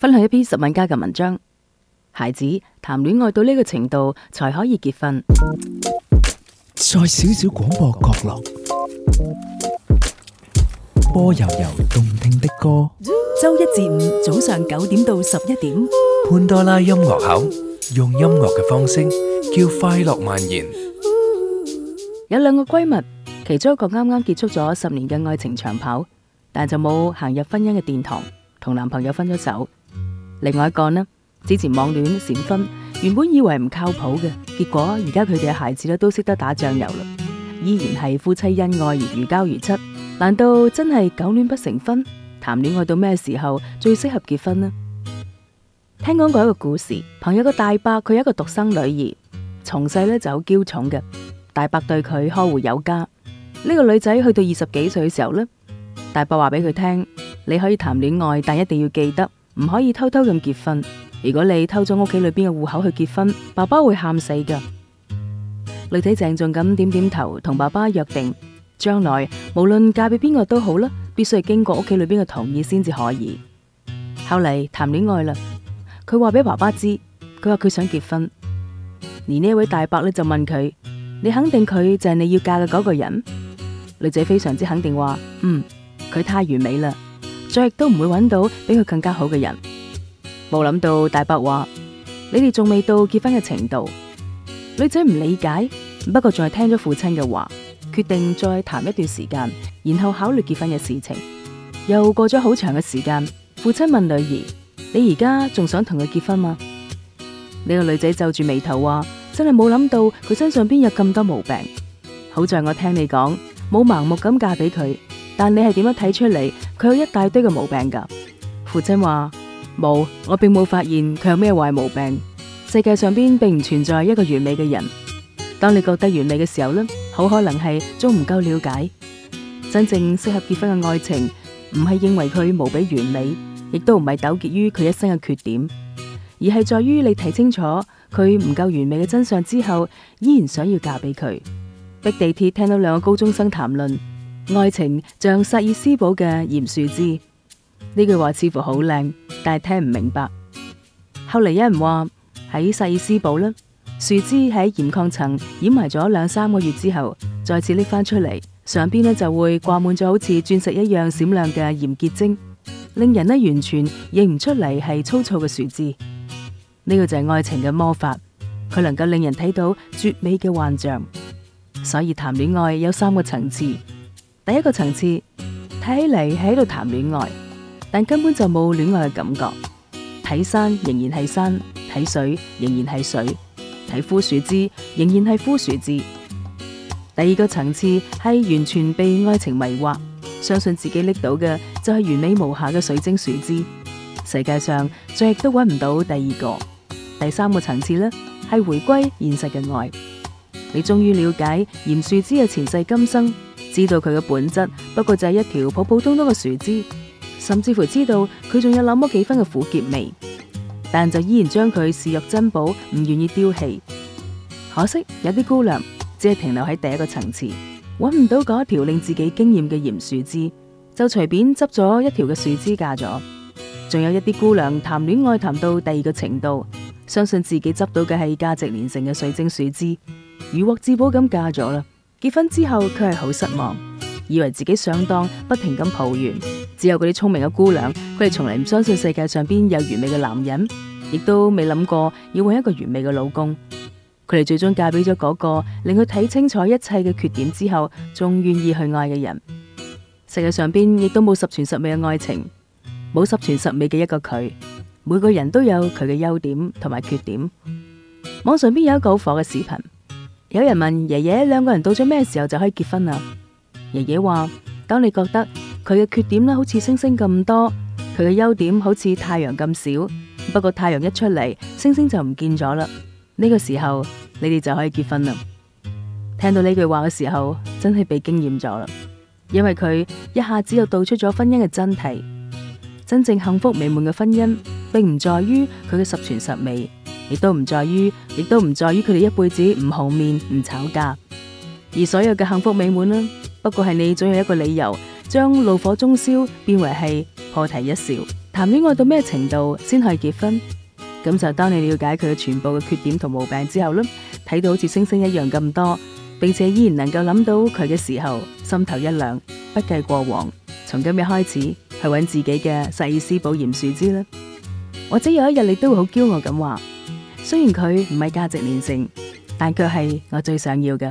分享一篇十萬加嘅文章。孩子談戀愛到呢個程度才可以結婚。在小小廣播角落，播柔柔動聽的歌。周一至五早上九點到十一點，潘多拉音樂口用音樂嘅方式叫快樂蔓延。有兩個閨蜜，其中一個啱啱結束咗十年嘅愛情長跑，但就冇行入婚姻嘅殿堂，同男朋友分咗手。另外一個呢，之前網戀閃婚，原本以為唔靠譜嘅，結果而家佢哋嘅孩子咧都識得打醬油啦，依然係夫妻恩愛如膠如漆。難道真係久戀不成婚？談戀愛到咩時候最適合結婚呢？聽講過一個故事，朋友個大伯佢有一個獨生女兒，從細咧就好嬌寵嘅，大伯對佢呵護有加。呢個女仔去到二十幾歲嘅時候呢，大伯話俾佢聽：，你可以談戀愛，但一定要記得。唔可以偷偷咁結婚，如果你偷咗屋企裏邊嘅戶口去結婚，爸爸會喊死噶。女仔鄭重咁點點頭，同爸爸約定，將來無論嫁俾邊個都好啦，必須係經過屋企裏邊嘅同意先至可以。後嚟談戀愛啦，佢話俾爸爸知，佢話佢想結婚，而呢位大伯呢，就問佢：，你肯定佢就係你要嫁嘅嗰個人？女仔非常之肯定話：，嗯，佢太完美啦。再亦都唔會揾到比佢更加好嘅人。冇諗到大伯話：你哋仲未到結婚嘅程度。女仔唔理解，不過仲係聽咗父親嘅話，決定再談一段時間，然後考慮結婚嘅事情。又過咗好長嘅時間，父親問女兒：你而家仲想同佢結婚嗎？呢個女仔皺住眉頭話：真係冇諗到佢身上邊有咁多毛病。好在我聽你講，冇盲目咁嫁俾佢。但你係點樣睇出嚟，佢有一大堆嘅毛病㗎？父親話冇，我並冇發現佢有咩壞毛病。世界上邊並唔存在一個完美嘅人。當你覺得完美嘅時候呢，好可能係仲唔夠了解。真正適合結婚嘅愛情，唔係認為佢無比完美，亦都唔係糾結於佢一生嘅缺點，而係在於你睇清楚佢唔夠完美嘅真相之後，依然想要嫁俾佢。逼地鐵聽到兩個高中生談論。愛情像薩爾斯堡嘅鹽樹枝，呢句話似乎好靚，但係聽唔明白。後嚟有人話喺薩爾斯堡呢樹枝喺鹽礦層掩埋咗兩三個月之後，再次拎翻出嚟，上邊咧就會掛滿咗好似鑽石一樣閃亮嘅鹽結晶，令人咧完全認唔出嚟係粗糙嘅樹枝。呢個就係愛情嘅魔法，佢能夠令人睇到絕美嘅幻象。所以談戀愛有三個層次。第一個層次，睇起嚟係喺度談戀愛，但根本就冇戀愛嘅感覺。睇山仍然係山，睇水仍然係水，睇枯樹枝仍然係枯樹枝。第二個層次係完全被愛情迷惑，相信自己拎到嘅就係完美無瑕嘅水晶樹枝。世界上再亦都搵唔到第二個。第三個層次呢，係回歸現實嘅愛，你終於了解鹽樹枝嘅前世今生。知道佢嘅本質，不過就係一條普普通通嘅樹枝，甚至乎知道佢仲有那麼幾分嘅苦澀味，但就依然將佢視若珍寶，唔願意丟棄。可惜有啲姑娘只係停留喺第一個層次，揾唔到嗰一條令自己驚艷嘅鹽樹枝，就隨便執咗一條嘅樹枝嫁咗。仲有一啲姑娘談戀愛談到第二個程度，相信自己執到嘅係價值連城嘅水晶樹枝，如獲至寶咁嫁咗啦。結婚之後，佢係好失望，以為自己上當，不停咁抱怨。只有嗰啲聰明嘅姑娘，佢哋從嚟唔相信世界上邊有完美嘅男人，亦都未諗過要搵一個完美嘅老公。佢哋最終嫁俾咗嗰個令佢睇清楚一切嘅缺點之後，仲願意去愛嘅人。世界上邊亦都冇十全十美嘅愛情，冇十全十美嘅一個佢。每個人都有佢嘅優點同埋缺點。網上邊有一個好火嘅視頻。有人問爺爺兩個人到咗咩時候就可以結婚呀？爺爺話：當你覺得佢嘅缺點好似星星咁多，佢嘅優點好似太陽咁少，不過太陽一出嚟，星星就唔見咗啦。呢個時候你哋就可以結婚啦。聽到呢句話嘅時候，真係被驚艷咗啦，因為佢一下子又道出咗婚姻嘅真諦。真正幸福美滿嘅婚姻，並唔在於佢嘅十全十美。亦都唔在於，亦都唔在於佢哋一輩子唔紅面唔吵架，而所有嘅幸福美滿啦。不過，係你總有一個理由，將怒火中燒變為係破題一笑。談戀愛到咩程度先可以結婚？咁就當你了解佢嘅全部嘅缺點同毛病之後啦，睇到好似星星一樣咁多，並且依然能夠諗到佢嘅時候，心頭一亮，不計過往，從今日開始去揾自己嘅細絲保嚴樹枝啦。或者有一日你都會好驕傲咁話。雖然佢唔係價值連城，但卻係我最想要嘅。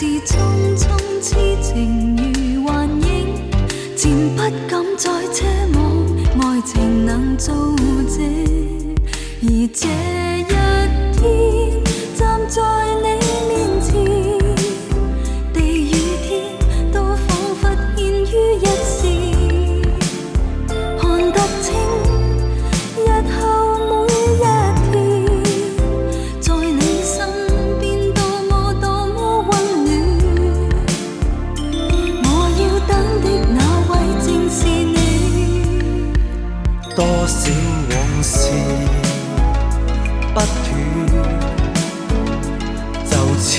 是匆匆痴情如幻影，漸不敢再奢望愛情能做證。而這。多少往事不斷，就似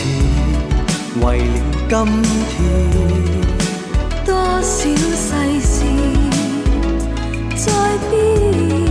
為了今天。多少世事在變。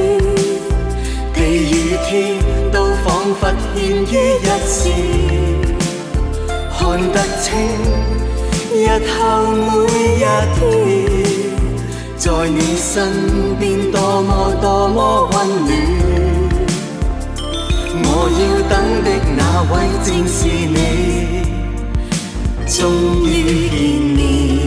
都仿佛欠於一現，看得清日後每一天，在你身邊多麼多麼溫暖。我要等的那位正是你，終於見面。